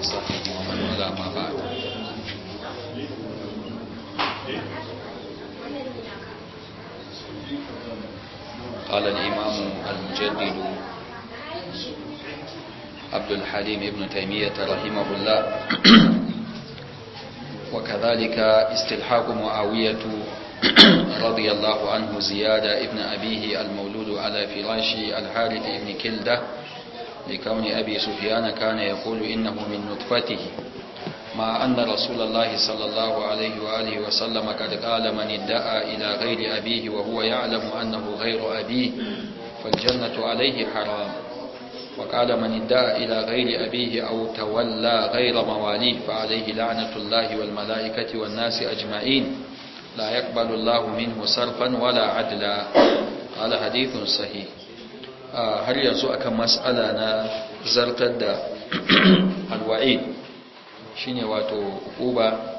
وصحبه ومن والاه ما بعد قال الإمام المجدد عبد الحليم ابن تيمية رحمه الله وكذلك استلحاق معاوية رضي الله عنه زيادة ابن أبيه المولود على فراش الحارث ابن كلده لكون أبي سفيان كان يقول إنه من نطفته مع أن رسول الله صلى الله عليه وآله وسلم قد قال من ادعى إلى غير أبيه وهو يعلم أنه غير أبيه فالجنة عليه حرام وقال من ادعى إلى غير أبيه أو تولى غير مواليه فعليه لعنة الله والملائكة والناس أجمعين لا يقبل الله منه صرفا ولا عدلا قال حديث صحيح har yanzu akan matsala na zartar da alwa'i shine wato uba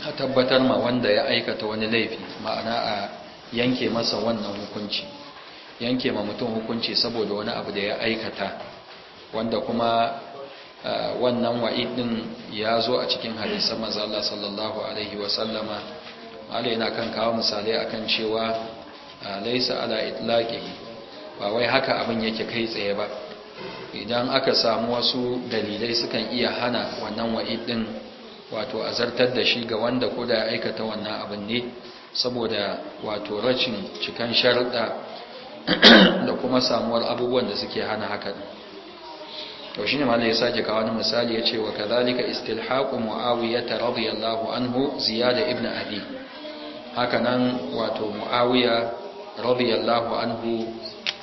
a tabbatar ma wanda ya aikata wani laifi ma'ana a yanke masa wannan hukunci yanke ma mutum hukunci saboda wani abu da ya aikata wanda kuma wannan wa'id ɗin ya zo a cikin hadisan manzo sallallahu alaihi wa sallama yana kan kawo misalai akan cewa laisa ala itlaqihi ba wai haka abin yake kai tsaye ba idan aka samu wasu dalilai sukan iya hana wannan wa'id din wato azartar da shi ga wanda koda da aikata wannan abin ne saboda wato rashin cikan sharuɗa da kuma samuwar abubuwan da suke hana haka to to ne malai ya sake kawo misali ya ce wa kazalika istilhaqu muawiyah radiyallahu anhu ziyada ibn abi haka nan wato muawiya radiyallahu anhu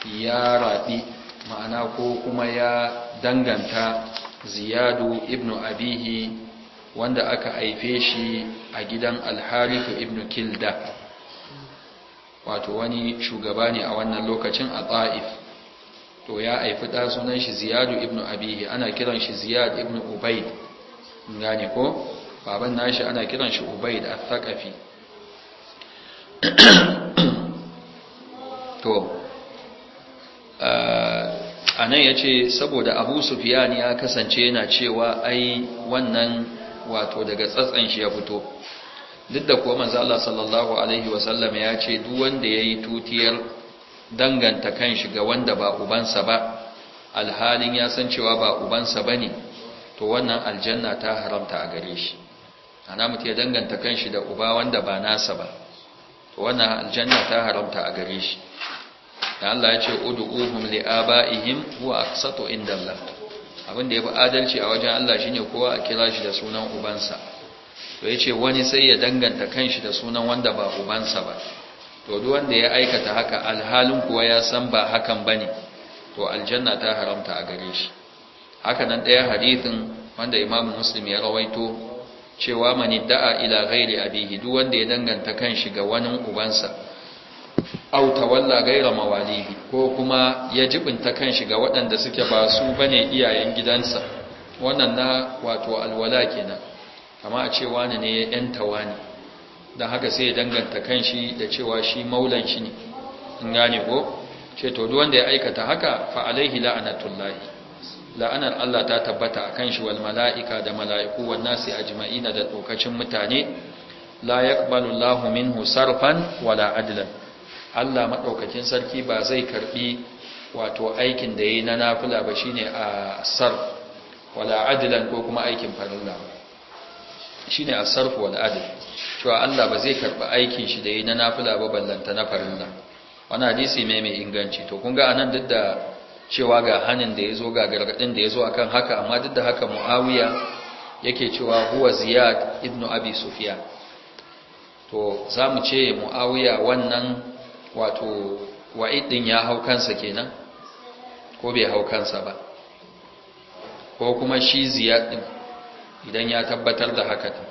ya raɗi ma'ana ko kuma ya danganta ziyadu Ibn abihi wanda aka haife shi a gidan alharifu Ibn kilda wato wani shugaba ne a wannan lokacin a ta'if to ya haifi ɗa sunan shi ziyadu Ibn abihi ana kiran shi ziyad Ibn ubaid gane ko baban nashi ana kiran shi ubaid a thaqafi to Eh, a nan ya ce saboda abu sufiyani ya kasance yana cewa ai wannan wato daga tsatsan shi ya fito duk da kuwa manzo Allah sallallahu alaihi wasallam ya ce duk wanda yayi tutiyar danganta kanshi ga wanda ba ubansa ba alhalin ya san cewa ba ubansa bane to wannan aljanna ta haramta a gare shi ana mutu ya danganta kanshi da uba wanda ba nasa ba to wannan aljanna ta haramta a gare shi da Allah ya ce Udu, li abaihim huwa aqsatu indallah abin da yafi adalci a wajen Allah shine kowa a kira shi da sunan ubansa to yace wani sai ya danganta kanshi da sunan wanda ba ubansa ba to duk wanda ya aikata haka alhalin kuwa ya san ba hakan bane to aljanna ta haramta a gare shi haka nan daya hadithin wanda Imam Muslim ya rawaito cewa man da'a ila ghairi abihi duk wanda ya danganta kanshi ga wani ubansa au tawalla gaira mawalihi ko kuma ya jibinta kanshi ga waɗanda suke ba su bane iyayen gidansa wannan na wato alwala kenan kama a ce wani ne ya yanta tawani dan haka sai ya danganta kanshi da cewa shi maulan shi ne in gane ko ce to duk wanda ya aikata haka fa alaihi la'anatullahi la'anar Allah ta tabbata akan shi wal mala'ika da mala'iku wan nasi ajma'ina da tsokacin mutane la yaqbalu Allahu minhu sarfan wala adlan Allah maɗaukakin sarki ba zai karɓi wato aikin da ya yi na nafula ba shi ne a sarf wala adilan ko kuma aikin farilla shi ne a sarf wala adil cewa Allah ba zai karɓi aikin shi da ya yi na nafula ba ballanta na farilla wani hadisi mai mai inganci to kun ga anan duk da cewa ga hannun da ya zo ga gargaɗin da ya zo a kan haka amma duk da haka mu'awiya yake cewa huwa ziyad ibnu abi Sufiya? to za mu ce mu'awiya wannan wato wa'id din ya hau kansa kenan ko bai hau kansa ba ko kuma shi ziyad din idan ya tabbatar da haka din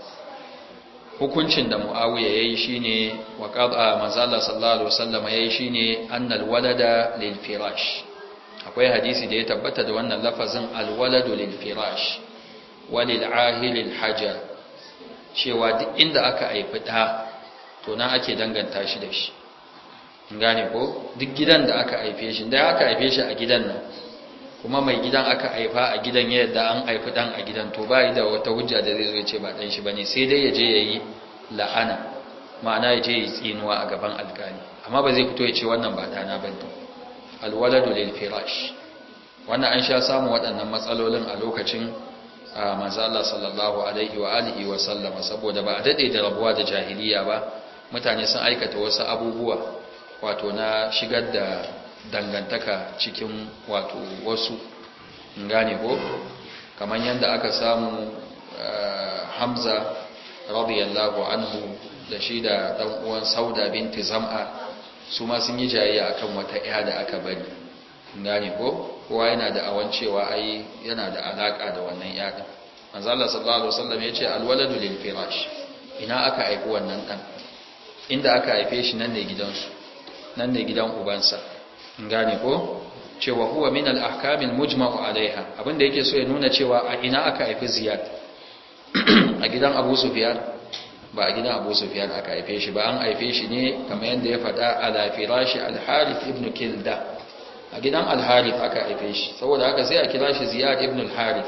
hukuncin da muawiya yayi shine wa qada manzala sallallahu alaihi wasallam yayi shine annal walada lil firash akwai hadisi da ya tabbata da wannan lafazin al waladu lil firash walil al hajar cewa duk inda aka haifi da, to nan ake danganta shi da shi gane ko duk gidan da aka haife shi da aka haife shi a gidan nan kuma mai gidan aka haifa a gidan ya yadda an haifi dan a gidan to ba da wata hujja da zai zo ya ce ba dan shi bane sai dai ya je yayi la'ana ma'ana ya je yi tsinuwa a gaban alkali amma ba zai fito ya ce wannan ba dana bane alwaladu lil firash wannan an sha samu waɗannan matsalolin a lokacin manzo Allah sallallahu alaihi wa alihi wa sallama saboda ba a dade da rabuwa da jahiliya ba mutane sun aikata wasu abubuwa wato na shigar da dangantaka cikin wato wasu gane ko kamar yadda aka samu eh, hamza radiyallahu anhu da shi da dan uwan sauda binti zam'a su ma sun yi jayayya akan wata iya da aka bari gane ko kowa yana da awan cewa ai yana da alaka da wannan iya din manzo Allah sallallahu alaihi wasallam yace alwaladu lil firash ina aka haifi wannan dan inda aka haife shi nan ne gidansu nan ne gidan ubansa gane ko cewa huwa min al-ahkamil mujma'u alaiha abinda yake so ya nuna cewa a ina aka haifi ziyad a gidan abu sufyan ba a gidan abu sufyan aka haife shi ba an haife shi ne kamar yadda ya faɗa ala firashi al-harith ibn kilda a gidan al-harith aka haife shi saboda haka sai a kira shi ziyad ibn al-harith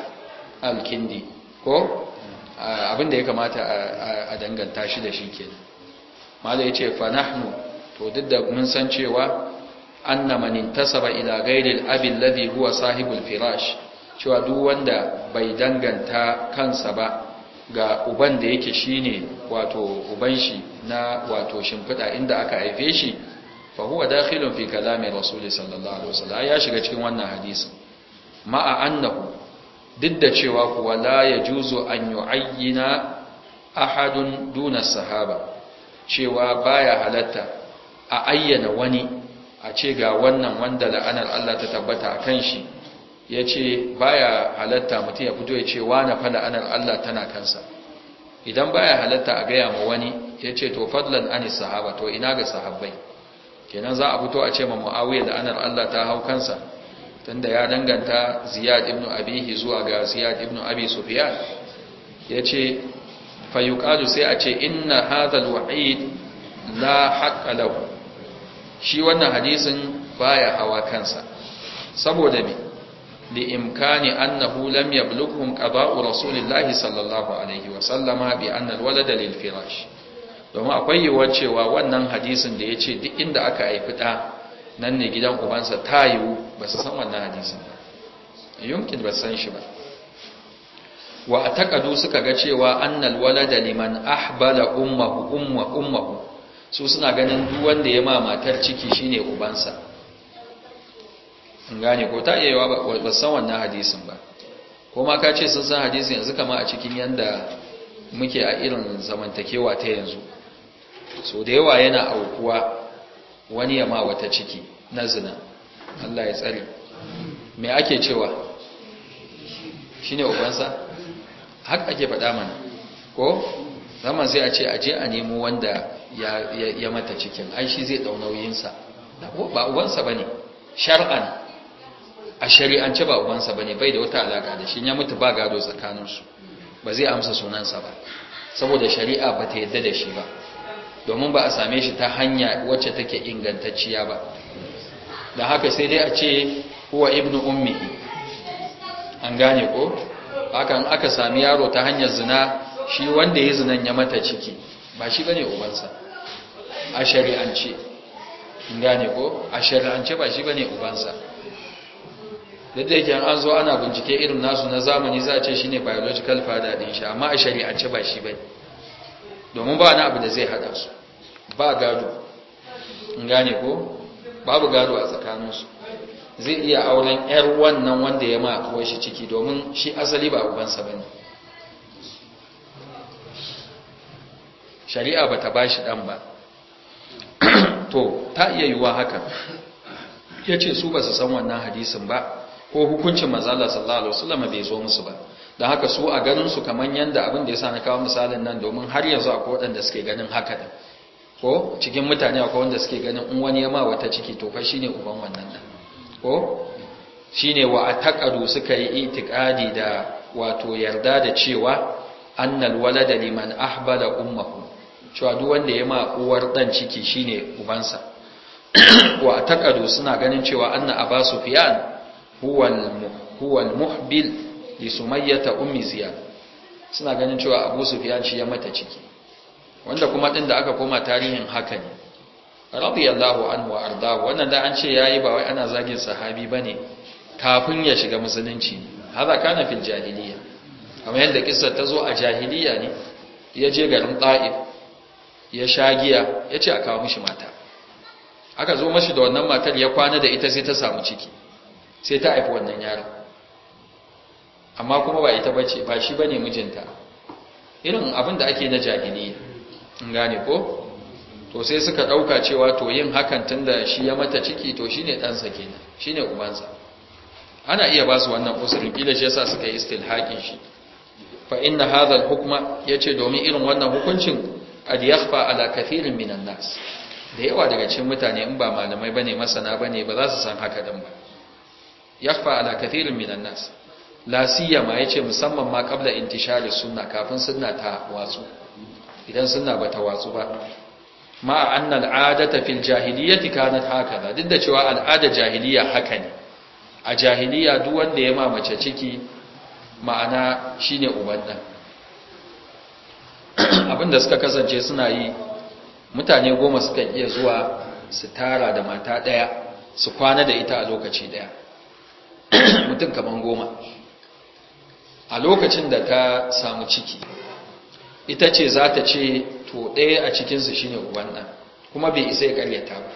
al-kindi ko abinda ya kamata a danganta shi da shi kenan malai ya ce fa nahnu to duk da mun san cewa anna man intasaba ila ghayril abi alladhi huwa sahibul firash cewa duk wanda bai danganta kansa ba ga uban da yake shine wato uban shi na wato shimfida inda aka haife shi fa huwa dakhilun fi kalami rasul sallallahu alaihi wasallam ya shiga cikin wannan hadisi ma'a annahu duk da cewa kuwa la yajuzu an yu'ayyina ahadun duna sahaba cewa baya halatta a ayyana wani a ce ga wannan wanda la'anar Allah ta tabbata a kan shi ya ce baya halatta mutum ya fito ya ce wane fa la'anar Allah tana kansa idan baya halatta a gaya ma wani ya ce to fadlan ani sahaba to ina ga sahabbai kenan za a fito a ce ma muawiya la'anar Allah ta hau kansa tunda ya danganta ziyad ibn abihi zuwa ga ziyad ibn abi sufiyan ya ce fayuƙalu sai a ce inna hadal wa'id la haqqa lahu shi wannan hadisin baya hawa kansa saboda me li imkani annahu lam yablughum qada'u rasulillah sallallahu alaihi wa sallama bi anna alwalada lil firash domin akwai yiwuwar cewa wannan hadisin da yace duk inda aka haifi da nan ne gidan ubansa ta yiwu ba su san wannan hadisin ba yumkin ba san shi ba wa ataqadu suka ga cewa annal walada liman ahbala ummuhu umma ummuhu su suna ganin duk wanda ya ma matar ciki shine ubansa in gane ko ta iya ba san wannan hadisin ba ko ma ka ce sun san hadisin yanzu kama a cikin yanda muke a irin zamantakewa ta yanzu so da yawa yana aukuwa wani ya ma wata ciki na zina Allah ya tsari me ake cewa shine ubansa haka ake faɗa mana ko zama sai a ce aje a nemo wanda ya mata cikin ai shi zai dau nauyinsa ba ubansa bane shar'an a shari'ance ba ubansa bane bai da wata alaka da shi ya mutu ba gado tsakaninsu ba zai amsa sunansa ba saboda shari'a ba ta yadda da shi ba domin ba a same shi ta hanya wacce take ingantacciya ba da haka sai dai a ce huwa ibnu ummi an gane ko hakan aka sami yaro ta hanyar zina shi wanda ya zinan ya mata ciki ba shi bane ubansa a shari'ance gane ko a shari'ance ba shi bane ubansa duk da yake an zo ana bincike irin nasu na zamani za a ce shine biological father din shi amma a shari'ance ba shi bane domin ba wani abu da zai hada su ba gado gane ko babu gado a tsakaninsu zai iya auren yar wannan wanda ya ma kawai shi ciki domin shi asali ba ubansa ba ne shari'a ba ba bashi dan ba to ta iya yiwuwa haka ya ce su ba su san wannan hadisin ba ko hukuncin mazala sallallahu alaihi wasallam bai zo musu ba da haka su a ganin su kamar yanda abin da ya sa na kawo misalin nan domin har yanzu akwai waɗanda suke ganin haka din ko cikin mutane akwai wanda suke ganin in wani ya ma wata ciki to fa shine uban wannan din ko shine wa ataqadu suka yi itikadi da wato yarda da cewa annal walada liman ahbala ummuhu cewa duk wanda ya ma uwar dan ciki shine ubansa wa taqadu suna ganin cewa anna aba sufyan huwa huwa muhbil li sumayyata ummi ziyad suna ganin cewa abu sufyan shi ya mata ciki wanda kuma din da aka koma tarihin haka ne radiyallahu anhu wa ardahu wannan da an ce yayi ba wai ana zagin sahabi bane kafin ya shiga musulunci hada kana fil jahiliya kamar yadda kissa ta zo a jahiliya ne ya je garin ta'if ya sha giya ya ce a kawo mishi mata aka zo mashi da wannan matar ya kwana da ita sai ta samu ciki sai ta haifi wannan yaron amma kuma ba ita bace ba shi bane mijinta irin abin da ake na jahili in gane ko to sai suka dauka cewa to yin hakan tunda shi ya mata ciki to shine dan sa kenan shine ubansa ana iya ba su wannan usulin kila shi yasa suka yi istilhaqin shi fa inna hadha al-hukma yace domin irin wannan hukuncin qad yakhfa minan nas da yawa daga cikin mutane in ba malamai bane masana bane ba za su san haka din ba yakhfa ala kathirin minan nas la siyama yace musamman ma qabla intishari sunna kafin sunna ta watsu idan sunna ba ta watsu ba ma anna al'adata fil jahiliyyati kanat hakaza duk da cewa al'ada jahiliya haka ne a jahiliya duk wanda ya mamace ciki ma'ana shine uban dan abinda suka kasance suna yi mutane goma suka iya zuwa su tara da mata ɗaya su kwana da ita a lokaci ɗaya mutum kaman goma a lokacin da ta samu ciki ita ce za ta ce to ɗaya a cikinsu shine uban ɗan kuma bai isa ya karyata ba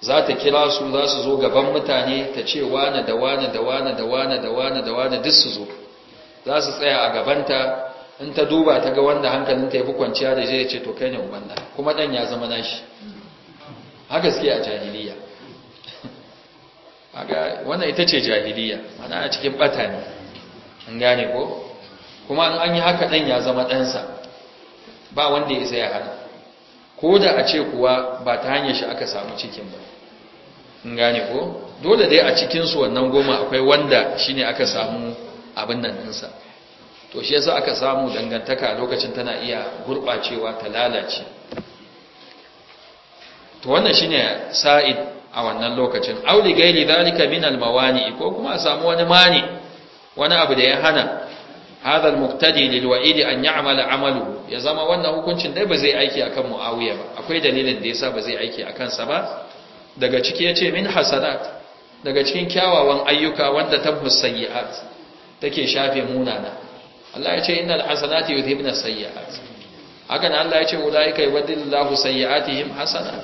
za ta kira su za su zo gaban mutane ta ce wane da wane da wane da wane da wane da wane duk su zo za su tsaya a gabanta in ta duba ta ga wanda hankalin ta yi kwanciya da zai ce to kai ne da, kuma dan ya zama nashi haka suke a jahiliya haka wannan ita ce jahiliya mana a cikin bata ne an gane ko kuma an yi haka dan ya zama ɗansa ba wanda ya saya hana ko da a ce kuwa ba ta hanyar shi aka samu cikin ba in gane ko dole dai a cikinsu wannan goma akwai wanda shine aka samu abin nan sa to shi yasa aka samu dangantaka lokacin tana iya gurɓacewa ta lalace to wannan shine sa'id a wannan lokacin auli gaili zalika min almawani ko kuma a samu wani mani wani abu da ya hana hadha almuqtadi lilwa'idi anyi ya'mala amalu ya zama wannan hukuncin dai ba zai aiki akan muawiya ba akwai dalilin da yasa ba zai aiki akan sa ba daga ciki yace min hasanat daga cikin kyawawan ayyuka wanda tabbus sayyi'at take shafe munana Allah ya ce innal hasanati yudhibna sayyi'at haka nan Allah ya ce ulaika yubdilillahu sayyi'atihim hasanat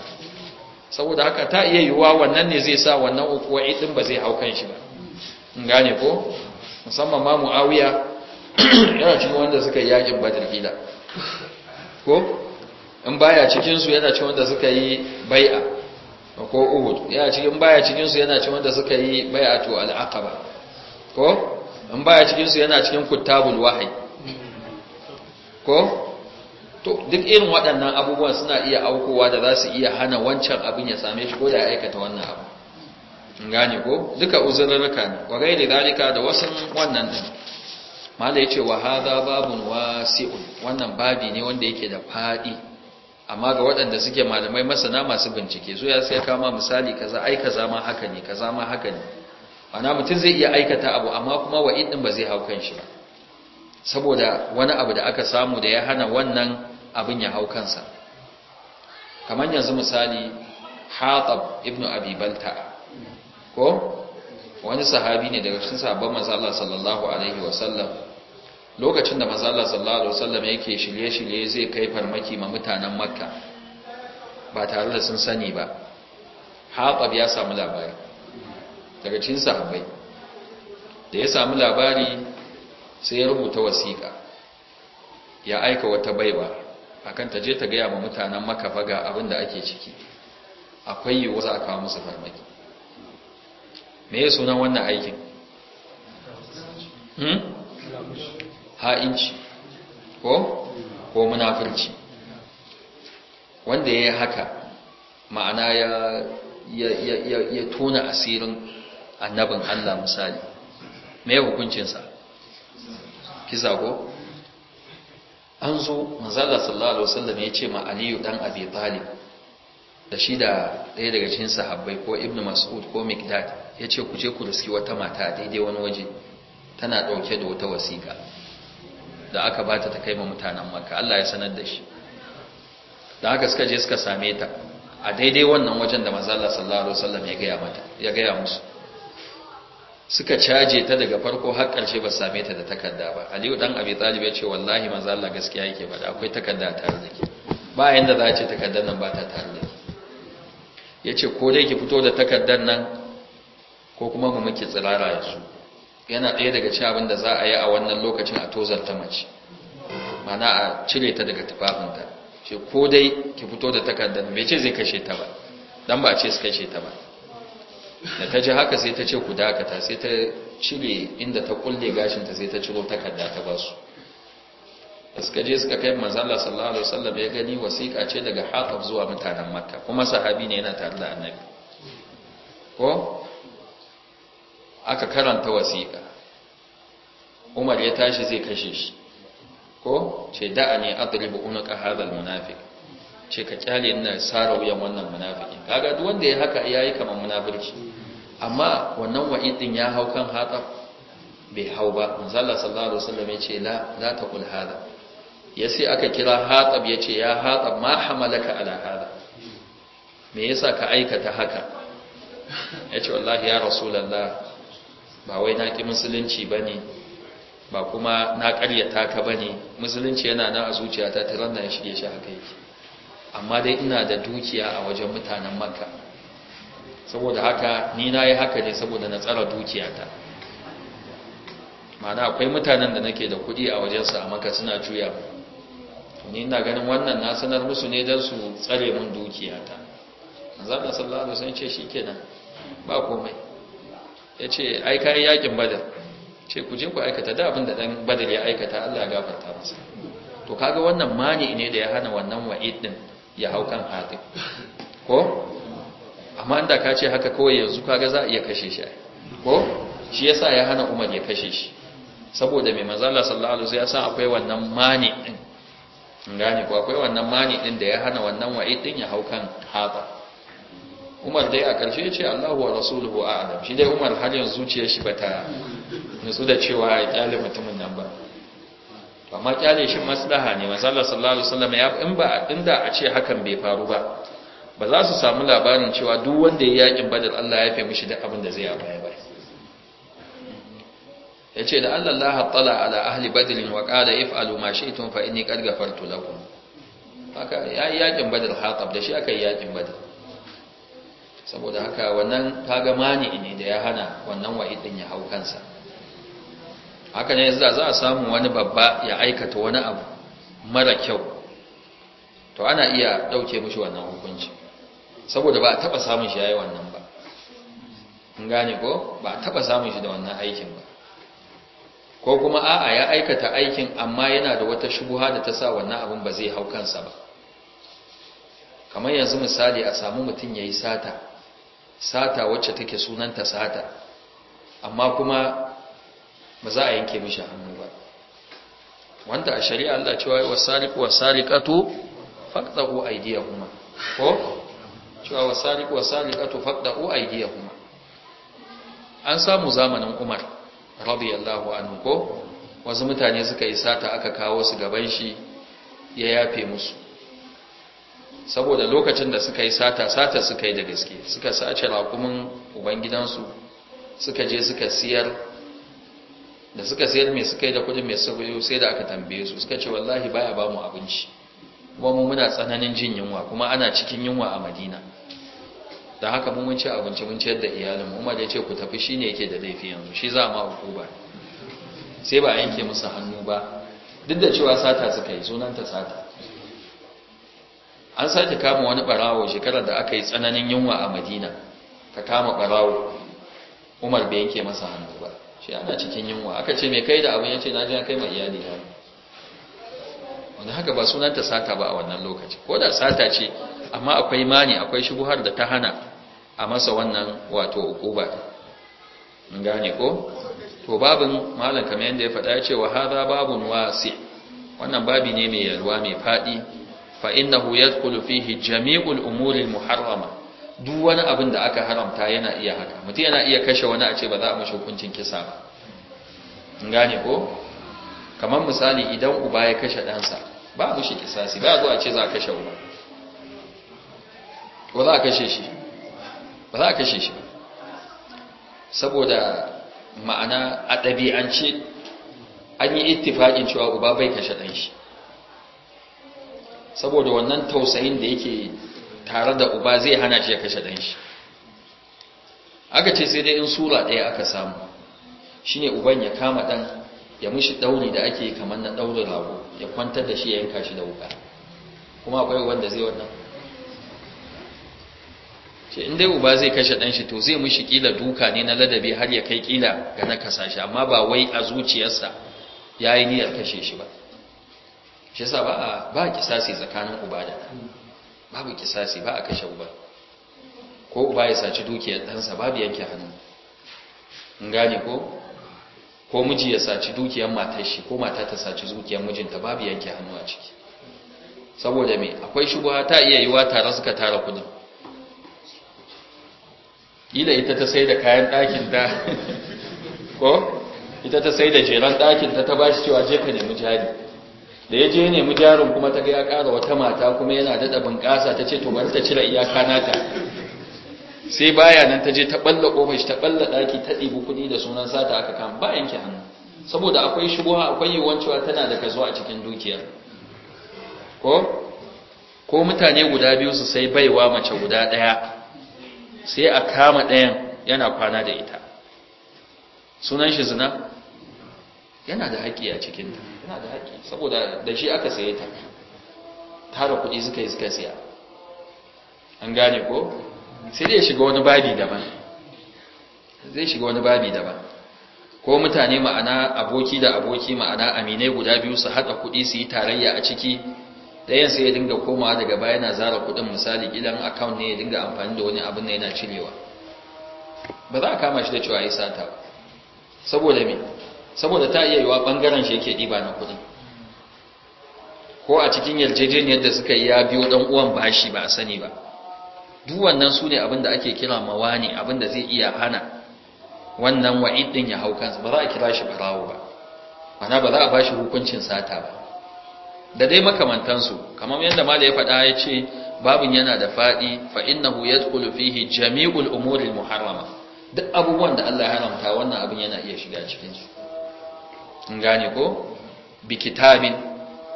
saboda haka ta iya yiwuwa wannan ne zai sa wannan ukuwa idin ba zai hau kan shi ba in gane ko musamman ma Muawiya yana cikin wanda suka yi yakin Badr kila ko in baya cikin su yana cikin wanda suka yi bai'a ko Uhud yana cikin baya cikin su yana cikin wanda suka yi bai'atu al-Aqaba ko in baya cikinsu yana cikin kuttabul wahai. ko to duk irin waɗannan abubuwan suna iya aukowa da za su iya hana wancan abin ya same shi ko da ya aikata wannan abu in gane ko duka uzurruka ne ƙwarai da zalika da wasu wannan din mala ya ce wa haza babun wasi'un wannan babi ne wanda yake da faɗi amma ga waɗanda suke malamai masana masu bincike ya sai kama misali kaza ai kaza ma haka ne kaza ma haka ne ana mutum zai iya aikata abu amma kuma wa'id din ba zai hau kanshi ba saboda wani abu da aka samu da ya hana wannan abin ya hau kansa kamar yanzu misali hatab ibnu abi balta ko wani sahabi ne daga cikin sahabban manzo Allah sallallahu alaihi wa sallam. lokacin da manzo Allah sallallahu alaihi wa sallam yake shirye-shirye zai kai farmaki ma mutanen makka ba tare da sun sani ba hatab ya samu labari daga cikin sahabai da ya sami labari sai ya rubuta wasiƙa ya aika wata baiwa akan ta je ta gaya ma mutanen maka faga abin da ake ciki akwai yi za a kawo musu farmaki me ya sunan wannan aikin hmm? ha'inci ko ko munafurci wanda ya yi haka ma'ana ya tona asirin annabin Allah misali me ya hukuncinsa kisa ko an zo manzala sallallahu alaihi wasallam ya ce ma aliyu dan abi talib da shi da ɗaya daga cikin sahabbai ko ibnu mas'ud ko mikdad ya ce ku je ku riski wata mata daidai wani waje tana ɗauke da wata wasiƙa da aka bata ta kai ma mutanen makka Allah ya sanar da shi da haka suka je suka same ta a daidai wannan wajen da manzala sallallahu alaihi wasallam ya ya mata ya gaya musu suka caje ta daga farko har ƙarshe ba same ta da takarda ba aliyu dan abi talib ya ce wallahi manzo Allah gaskiya yake faɗa akwai takarda tare da ke ba yanda za a ce takardar nan ba ta tare da ke yace ko dai ki fito da takardar nan ko kuma mu miki tsirara yanzu yana ɗaya daga cikin abin da za a yi a wannan lokacin a tozar ta mace mana a cire ta daga ta ce ko dai ki fito da takardar me ce zai kashe ta ba dan ba a ce su kashe ta ba da ta ji haka sai ta ce ku dakata sai ta cire inda ta kulle gashinta sai ta ciro takarda ta ba su suka je suka kai manzala sallallahu alaihi wasallam ya gani wasiƙa ce daga hatab zuwa mutanen makka kuma sahabi ne yana tare da annabi ko aka karanta wasiƙa umar ya tashi zai kashe shi ko ce da'ani adribu unuka hadha almunafiq ce ka kyale ina sara wuyan wannan munafiki kaga duk wanda ya haka yayi kamar munafirci amma wannan wa'id ya hau kan hatab bai hau ba manzala sallallahu alaihi wasallam yace la la taqul hada sai aka kira hatab yace ya hatab ma hamalaka ala hada me yasa ka aikata haka yace wallahi ya rasulullah ba wai na ki musulunci bane ba kuma na ƙaryata ka bane musulunci yana nan a zuciyata tiran na shige shi haka yake amma dai ina da dukiya a wajen mutanen makka saboda haka ni na yi haka ne saboda na tsara dukiyata mana akwai mutanen da nake da kudi a wajensu a maka suna juya ni ina ganin wannan na sanar musu ne don su tsare mun dukiyata zaɓa sallallahu alaihi wasallam ce shi kenan ba komai ya ce ai kayi yakin badar ce ku je ku aikata da abin da ɗan badar ya aikata allah ya gafarta masa to kaga wannan mani ne da ya hana wannan wa'id din ya hau kan hatim ko amma inda ka ce haka kawai yanzu kaga za a iya kashe shi ko shi yasa ya hana umar ya kashe shi saboda mai Allah sallallahu alaihi wasallam ya san akwai wannan mani din gane ko akwai wannan mani din da ya hana wannan wa'id din ya hau kan hatim umar dai a ƙarshe ya ce allahu wa rasuluhu a'lam shi dai umar har yanzu zuciyar shi bata nutsu da cewa ya kyale mutumin nan ba amma kyale shi maslaha ne masallar sallallahu alaihi wasallam ya in ba inda a ce hakan bai faru ba ba za su samu labarin cewa duk wanda ya yakin badar Allah ya fi mishi duk abin da zai ya baya ba yace da Allah la hatala ala ahli badr wa qala if'alu ma shi'tum fa inni qad ghafartu lakum haka ya yakin badar hatab da shi aka yi yakin badar saboda haka wannan kaga mani ne da ya hana wannan wa'idin ya hau kansa haka ne za a samu wani babba ya aikata wani abu mara kyau to ana iya ɗauke mushi wannan hukunci saboda ba a taɓa samun shi ya yi wannan ba in gane ko ba a taɓa samun shi da wannan aikin ba ko kuma a'a ya aikata aikin amma yana da wata shubuha da ta sa wannan abin ba zai hau kansa ba kamar yanzu misali a samu mutum ya yi sata sata wacce take sunanta sata amma kuma ba za a yanke mishi hannu ba wanda a shari'a Allah cewa wasariqu wasariqatu faqta'u aydiyahuma ko cewa wasariqu wasariqatu faqta'u aydiyahuma an samu zamanin Umar radiyallahu anhu ko wasu mutane suka yi sata aka kawo su gaban shi ya yafe musu saboda lokacin da suka yi sata sata suka yi da gaske suka sace raƙumin ubangidansu suka je suka siyar da suka sayar mai suka yi da kudin mai saboda sai da aka tambaye su suka ce wallahi baya ba mu abinci kuma mu muna tsananin jin yunwa kuma ana cikin yunwa a madina da haka mun ci abinci mun ciyar da iyalinmu umar ya ce ku tafi shi ne yake da laifi yanzu shi za ma ba. sai ba yanke musu hannu ba duk da cewa sata suka yi sunan ta sata an sake kama wani barawo shekarar da aka yi tsananin yunwa a madina ka kama barawo umar bai yanke masa hannu ba sai ana cikin yunwa aka ce mai kai da abin ya ce na jina kai ma iyali na wanda haka ba sunanta sata ba a wannan lokaci ko da sata ce amma akwai mani akwai shubuhar da ta hana a masa wannan wato ukuba gane ko to babin malam kamar yadda ya faɗa ya ce wa haza babun wasi wannan babi ne mai yalwa mai faɗi fa innahu yadkhulu fihi jami'ul umuri muharrama duk wani abin da aka haramta yana iya haka mutum yana iya kashe wani a ce ba za a mashi hukuncin kisa ba gane ko kamar misali idan uba ya kashe ɗansa ba a mashi su, ba a zuwa ce za a kashe uba ba za a kashe shi ba za a kashe shi ba saboda ma'ana a ɗabi'ance an yi ittifaƙin cewa uba bai kashe ɗan shi saboda wannan tausayin da yake tare da uba zai hana shi ya kashe dan aka ce sai dai in sura ɗaya aka samu shine uban ya kama dan ya mishi dauri da ake kamar na daurin rago ya kwantar da shi ya yanka shi da wuka kuma akwai uban zai wannan ce in dai uba zai kashe ɗanshi to zai mishi kila duka ne na ladabi har ya kai kila ga na kasashe amma ba wai a zuciyarsa yayi niyyar kashe shi ba shi sa ba ba sai tsakanin uba da ɗan babu kisasi ba a kashe uba ko uba ya saci dukiyar ɗansa babu yanke hannu in gane ko ko miji ya saci dukiyar matar shi ko mata ta saci dukiyar mijinta babu yanke hannu a ciki saboda me akwai shubha ta iya yiwa tare suka tara kudin ila ita ta sai da kayan ɗakin ta ko ita ta sai da jeran ɗakin ta ta bashi cewa je ka nemi jari da ya je nemi jarin kuma ta ga ya ƙara wata mata kuma yana daɗa bunƙasa ta ce to bari ta cire iyaka nata sai baya nan ta je ta balla kofar shi ta balla ɗaki ta ɗibi kuɗi da sunan sata aka kama ba yanke hannu saboda akwai shubuha akwai yiwuwar cewa tana da kazo a cikin dukiya ko ko mutane guda biyu su sai baiwa mace guda ɗaya sai a kama ɗayan yana kwana da ita sunan shi zina yana da haƙi a cikinta yana da haƙi saboda da shi aka saye ta tara kuɗi suka yi suka siya an gane ko sai dai shiga wani babi daban zai shiga wani babi daban ko mutane ma'ana aboki da aboki ma'ana aminai guda biyu su haɗa kuɗi su yi tarayya a ciki ɗayan sai ya dinga komawa daga baya yana zara kuɗin misali idan akawun ne ya dinga amfani da wani abin da yana cirewa ba za a kama shi da cewa ya sata ba saboda me saboda ta iya yiwa bangaren shi yake diba na kudin ko a cikin yarjejeniyar da suka yi ya biyo dan uwan bashi ba a sani ba duk wannan su ne abin da ake kira mawani abin da zai iya hana wannan wa'id din ya hau kansa ba za a kira shi barawo ba ana ba za a bashi hukuncin sata ba da dai makamantansu kamar yadda mala ya faɗa ya ce babin yana da faɗi fa innahu yadkhulu fihi jami'ul umuri muharrama duk abubuwan da Allah ya haramta wannan abin yana iya shiga cikin su in gane ko bi kitabin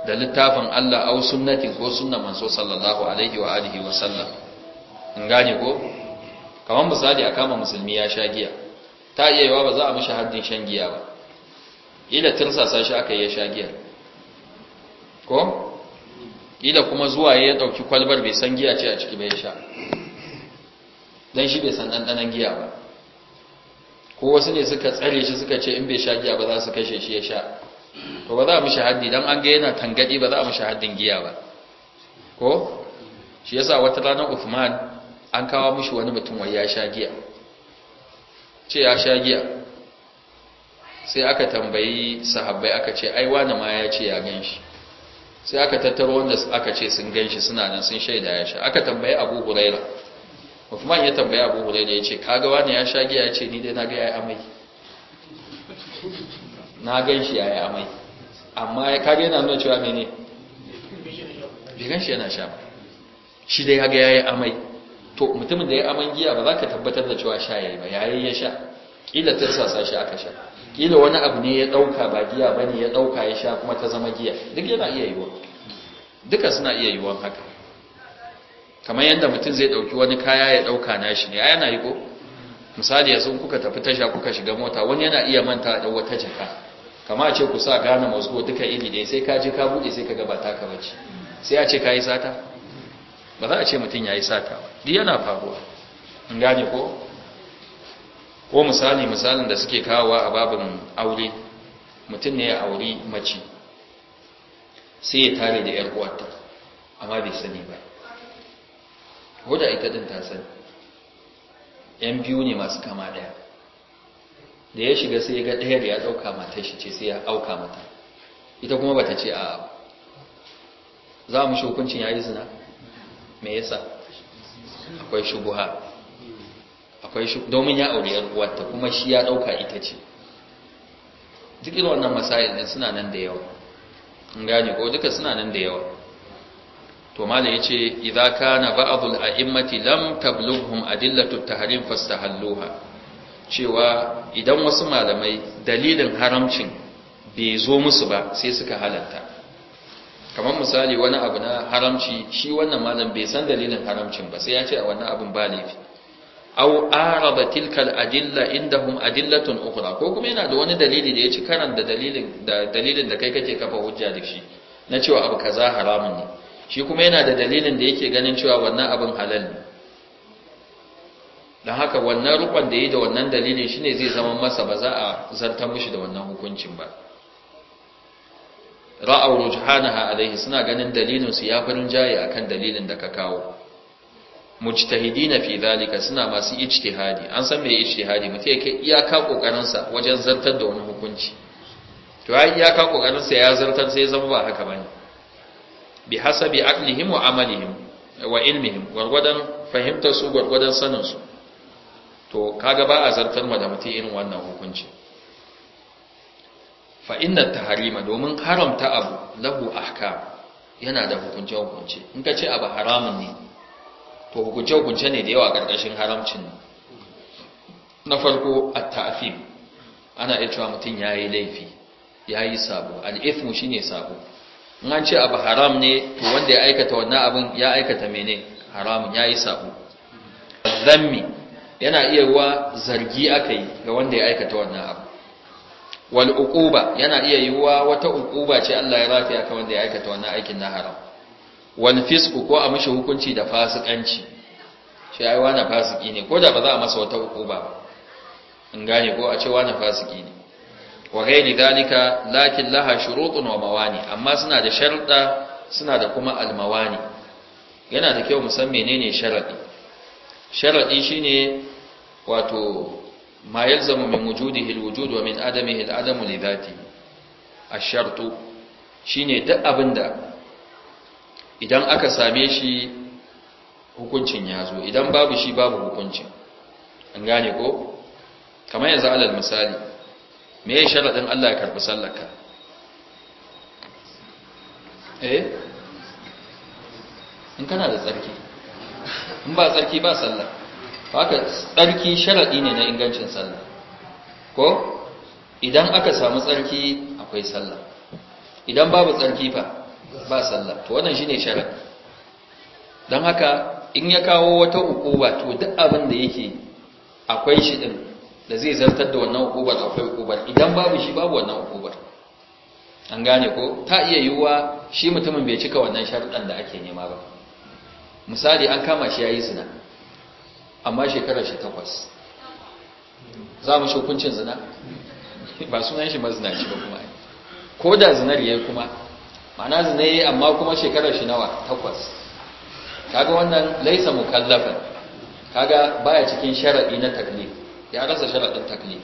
da littafin Allah au sunnatin ko sunnan manzo sallallahu alaihi wa alihi wa sallam in gane ko kamar misali a kama musulmi ya sha giya ta iya yawa ba za a mishi haddin shan giya ba ila tirsasa shi aka yi ya sha giya ko ila kuma zuwa ya dauki kwalbar bai san giya ce a ciki bai sha dan shi bai san dandanan giya ba ko wasu ne suka tsare shi suka ce in bai sha giya ba za su kashe shi ya sha to ba za a mishi haddi don an ga yana tangadi ba za a mishi haddin giya ba ko shi yasa wata ranar Uthman an kawo mishi wani mutum wai ya sha giya ce ya sha giya sai aka tambayi sahabbai aka ce ai wani ma ya ce ya gan shi sai aka tattaro wanda aka ce sun gan shi suna nan sun shaida ya sha aka tambayi abu hurairah Uthman ya tambaya Abu Hurairah yace kaga wani ya sha giya yace ni dai na ga yayi amai na gan shi yayi amai amma ya kaga yana nuna cewa menene? bai gan shi yana sha ba shi dai kaga yayi amai to mutumin da ya aman giya ba za ka tabbatar da cewa sha yayi ba yayi ya sha kila tirsasa shi aka sha kila wani abu ne ya dauka ba giya bane ya dauka ya sha kuma ta zama giya duk yana iya yiwa duka suna iya yiwuwan haka kamar yadda mutum zai ɗauki wani kaya ya ɗauka nashi ne yana yi ko misali yanzu kuka tafi tasha kuka shiga mota wani yana iya manta da wata jaka kama ce ku sa gane mazgo duka iri ne sai ka je ka buɗe sai ka gaba taka bace sai a ce ka yi sata ba za a ce mutum ya yi sata ba duk yana faruwa in gane ko ko misali misalin da suke kawowa a babin aure mutum ne ya aure mace sai ya tare da 'yar uwarta amma bai sani ba ko da ita din ta sani yan biyu ne masu kama daya da ya shiga sai ya ga da ya ɗauka mata shi ce sai ya auka mata ita kuma bata ce a za mu shi hukuncin ya yi zina me yasa akwai shubuha akwai shi domin ya aure yar uwarta kuma shi ya dauka ita ce duk irin wannan masayin suna nan da yawa in gane ko duka suna nan da yawa to mala yace idza kana ba'dul a'immati lam tablughum adillatu tahrim fastahalluha cewa idan wasu malamai dalilin haramcin bai zo musu ba sai suka halatta kamar misali wani abu na haramci shi wannan malam bai san dalilin haramcin ba sai ya ce a wannan abun ba laifi aw araba tilka adilla indahum adillatun ukhra ko kuma yana da wani dalili da yace karan da dalilin da dalilin da kai kake kafa hujja da shi na cewa abu kaza haramun ne shi kuma yana da dalilin da yake ganin cewa wannan abin halal ne don haka wannan rukon da yi da wannan dalilin shine zai zama masa ba za a zartar mishi da wannan hukuncin ba rujhana ha alaihi suna ganin dalilin su ya farin jaye akan dalilin da ka kawo na fi zalika suna masu ijtihadi an san me ijtihadi mutum yake iyaka kokarinsa sa wajen zartar da wani hukunci to ya iyaka kokarinsa sa ya zartar sai zama ba haka bane bi hasabi aqlihim wa amalihim wa ilmihim gwargwadon fahimtar su gwargwadon sanin su to kaga ba a zartar ma da mutum irin wannan hukunci fa inna taharima domin haramta abu lahu ahkam yana da hukunce hukunce in ka ce abu haramun ne to hukunce hukunce ne da yawa karkashin haramcin ne na farko at-ta'fim ana iya cewa mutum yayi laifi yayi sabo al-ithmu shine sabo in an ce abu haram ne to wanda ya aikata wannan abin ya aikata mene haramun ya yi sabu zammi yana iya yiwuwa zargi aka yi ga wanda ya aikata wannan abu wal uquba yana iya yiwuwa wata uquba ce Allah ya rafiya ka wanda ya aikata wannan aikin na haram wal fisku ko a mishi hukunci da fasikanci shi ai wani fasiki ne ko da ba za a masa wata uquba ba in gane ko a ce wani fasiki ne wa ghairi dalika lakin laha shurutun wa mawani amma suna da sharuɗa suna da kuma almawani yana da kyau musan menene sharaɗi sharaɗi shine wato ma yalzamu min wujudihi alwujud wa min adamihi aladamu li dhatihi ash-shartu shine duk abinda idan aka same shi hukuncin ya zo idan babu shi babu hukuncin an gane ko kamar yanzu alal misali me ya sharaɗin Allah ya karɓi sallaka eh in kana da tsarki in ba tsarki ba sallah haka tsarki sharaɗi ne na ingancin sallah ko idan aka samu tsarki akwai sallah idan babu tsarki fa ba sallah to wannan shine sharaɗi don haka in ya kawo wata ukuba to duk abin da yake akwai shi din da zai zartar da wannan hukubar akwai hukubar idan babu shi babu wannan hukubar an gane ko ta iya yiwuwa shi mutumin bai cika wannan sharuɗan da ake nema ba misali an kama shi ya yi zina amma shekarar shi takwas za mu shi hukuncin zina ba sunan shi mazina shi ba kuma ko da zinar ya yi kuma ma'ana zina ya yi amma kuma shekarar shi nawa takwas kaga wannan laisa mukallafa kaga baya cikin sharaɗi na taklif ya rasa sharaɗin takli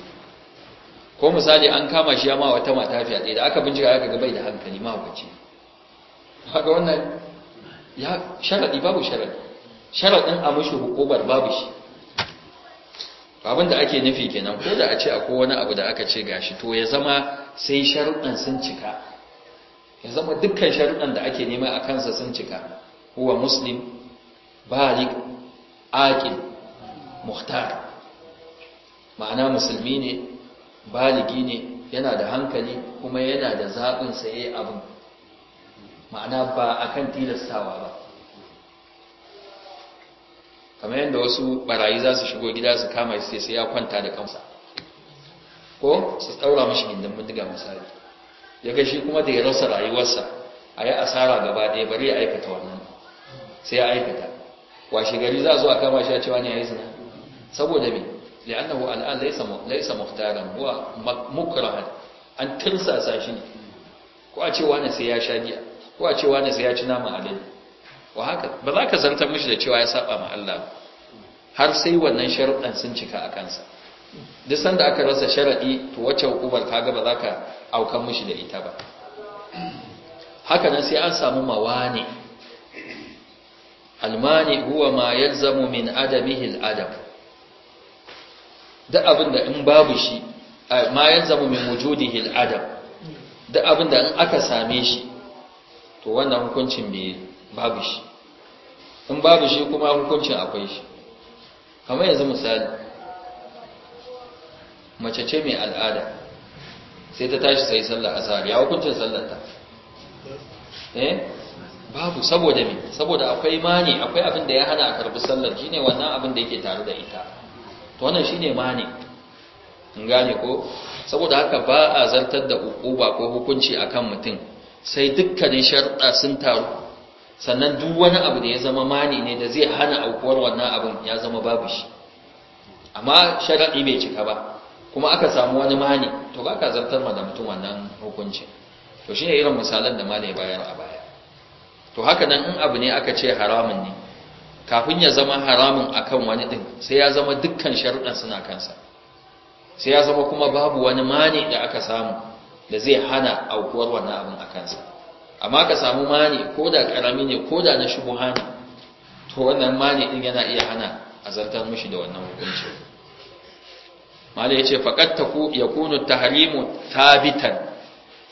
ko misali an kama shi ya ma wata mata fiye da aka bincika ya ga bai da hankali ma hukaci haka wannan ya sharaɗi babu sharaɗi sharaɗin a mashi hukumar babu shi abin da ake nufi kenan ko da a ce akwai wani abu da aka ce gashi to ya zama sai sharuɗan sun cika ya zama dukkan sharuɗan da ake nema a kansa sun cika huwa muslim balik aqil muhtar ma'ana musulmi ne baligi ne yana da hankali kuma yana da zaɓin saye abin ma'ana ba a kan tilastawa ba kamar yadda wasu barayi za su shigo gida su kama sai sai ya kwanta da kansa ko su tsaura mashi gindin bindiga misali ya gashi kuma da ya rasa rayuwarsa a yi asara gaba ɗaya bari ya aikata wannan sai ya aikata washe gari za a zo a kama shi a cewa ne ya yi zina saboda me لأنه الآن ليس ليس مختارا هو an tirsasa shi ne ko a ce sai ya sha giya ko a ce wani sai ya nama halal wa ba za ka zantar mishi da cewa ya saba ma Allah ba har sai wannan sharuɗan sun cika a kansa duk sanda aka rasa sharaɗi to wacce hukumar kaga ba za ka aukan mishi da ita ba haka sai an samu mawani almani huwa ma yalzamu min adamihi al-adam da abinda da in babu shi ma ya zama min wujudihi al'adam duk abin da in aka same shi to wannan hukuncin bai babu shi in babu shi kuma hukuncin akwai shi kamar yanzu misali mace ce mai al'ada sai ta tashi sai sallar asar ya hukuncin sallar ta eh babu saboda me saboda akwai mani akwai abinda ya hana a karbi sallar shine wannan abin da yake tare da ita to wannan shine mani in gane ko saboda haka ba a zartar da uquba ko hukunci akan mutum sai dukkanin sharɗa sun taru sannan duk wani abu da ya zama mani ne da zai hana aukuwar wannan abin ya zama babu shi amma sharaɗi bai cika ba kuma aka samu wani mani to ba ka zartar ma da mutum wannan hukuncin to shine irin misalan da malai bayar a baya to haka nan in abu ne aka ce haramun ne kafin ya zama haramun akan wani din sai ya zama dukkan sharuɗan suna kansa sai ya zama kuma babu wani mani da aka samu da zai hana aukuwar wannan abin a kansa amma ka samu mani ko da ƙarami ne ko da na shubuha ne to wannan mani ɗin yana iya hana a zartar mushi da wannan hukunci mali ya ce faƙat ya kunu taharimu tabitan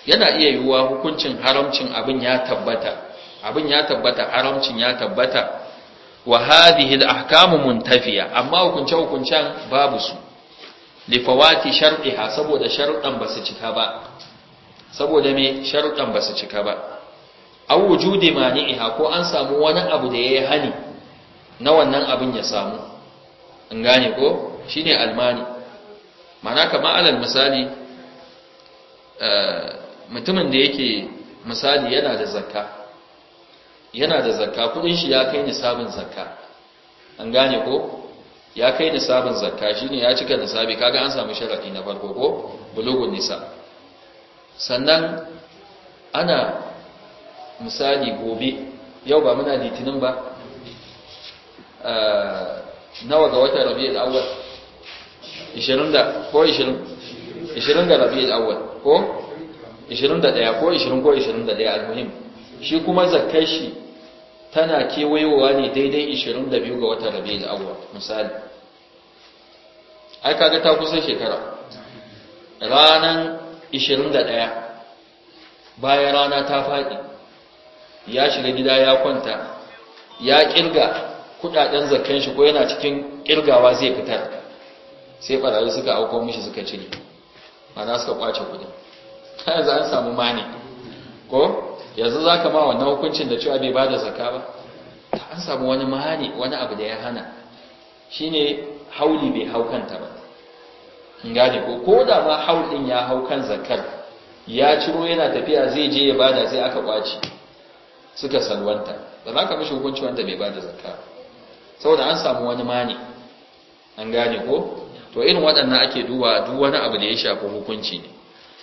yana iya yiwuwa hukuncin haramcin abin ya tabbata abin ya tabbata haramcin ya tabbata wa hadhihi al mun muntafiya amma hukunce hukuncen babu su li fawati shar'iha saboda sharudan basu cika ba saboda me sharudan basu cika ba aw wujudi mani'iha ko an samu wani abu da yayi hani na wannan abin ya samu in gane ko shine almani mana kama alal misali eh, mutumin da yake misali yana da zakka yana da zakka kudin shi ya kai nisabin zakka an gane ko ya kai nisabin zakka shine ya cika nisabi kaga an samu sharadi na farko ko bulugun nisa sannan ana misali gobe yau ba muna litinin ba eh, nawa ga watan rabi'ul awwal 20 da ko 20 20 ga rabi'ul awwal ko 21 ko 20 ko 21 almuhim shi kuma zakkar shi tana kewayowa ne daidai 22 ga watan rabi'ul awwal misali ai kaga ta kusa shekara ranan 21 bayan rana ta faɗi ya shiga gida ya kwanta ya kirga kudaden zakkan shi ko yana cikin kirgawa zai fitar sai barayi suka auko mishi suka cire na suka kwace kudin yanzu an samu mani ko yanzu za ka ba wannan hukuncin da cewa bai ba da zaka ba an samu wani mahani wani abu da ya hana shi ne hauli bai hau kanta ba in gane ko ko da ma haulin ya hau kan zakar ya ciro yana tafiya zai je ya bada sai aka kwaci suka salwanta ba za ka mishi hukunci wanda bai bada zakka saboda an samu wani mani an gane ko to irin waɗannan ake duba duk wani abu da ya shafi hukunci ne